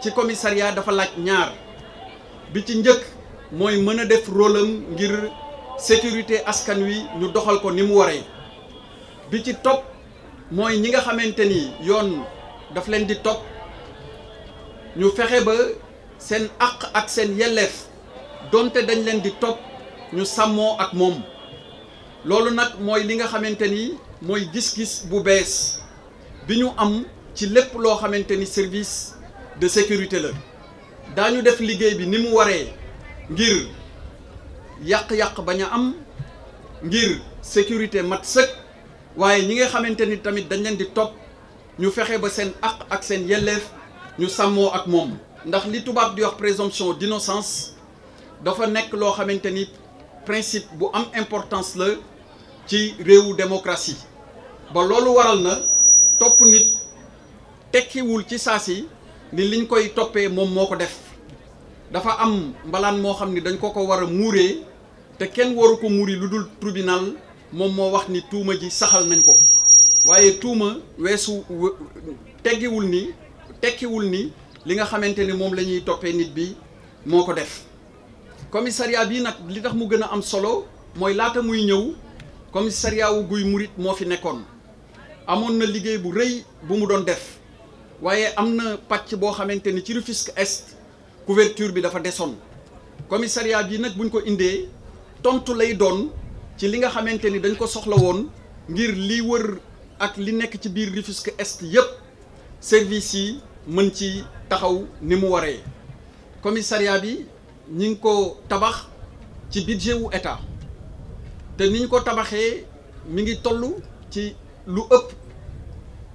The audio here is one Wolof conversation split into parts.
ci commissariat dafa laaj ñaar bi ci njëkk mooy mën a def rôle ngir sécurité askan wi ñu doxal ko ni mu waree bi ci topp mooy ñi nga xamante ni yoon daf leen di topp ñu fexe ba seen àq ak seen yelleef donte dañ leen di topp ñu sàmmoo ak moom loolu nag mooy li nga xamante ni mooy gis-gis bu bees bi ñu am ci lépp loo xamante ni servis de sécurité nous daañu ni mu nous ngir yak yak sécurité mat waye ñi nga tamit dañ leen di top ñu ba ak li présomption d'innocence dafa un principe bu am importance le ci démocratie ba lolu waral na top nit wul ni liñ koy toppee moom moo ko def dafa am mbalaan moo xam ni dañ ko ko war a muuree te kenn waru ko muuri lu dul tribunal moom moo wax ni tuuma ji saxal nañ ko waaye tuuma weesu teggiwul ni tekkiwul ni li nga xamante ne moom la ñuy toppee nit bi moo ko def commissariat bii nag li tax mu gën a am solo mooy laata muy ñëw commissariat wu guy murit moo fi nekkoon amoon na liggéey bu rëy bu mu doon def waaye am na pàcc boo xamante ni ci Rufisque Est couverture bi dafa desoon commissariat yi nag buñ ko indee tontu lay doon ci li nga xamante ni dañ ko soxla woon ngir li wër ak li nekk ci biir Rufisque Est yépp service yi mën ci taxaw ni mu waree commissariat yi ñu ngi ko tabax ci budget wu état te ni ñu ko tabaxee mi ngi tollu ci lu ëpp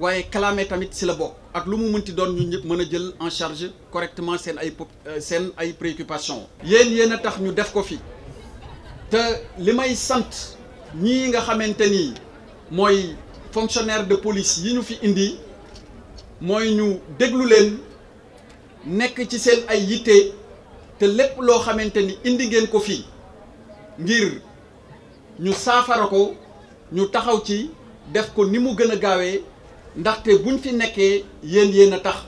waye clamé tamit ci la bokk ak lu mu mënti doon ñun ñëpp mën a jël en charge correctement seen ay euh, seen ay préoccupations. yeen yéen tax ñu def ko fi te limay sante ñi nga xamanteni ni fonctionnaire de police yi ñu fi indi moy ñu déglu leen nek ci seen ay yité te lepp lo xamanteni ni indi ngeen ko fi ngir ñu saafara ko ñu taxaw ci def ko ni mu gëna a ndaxte bu ñu fi nekkee yéen yéen a tax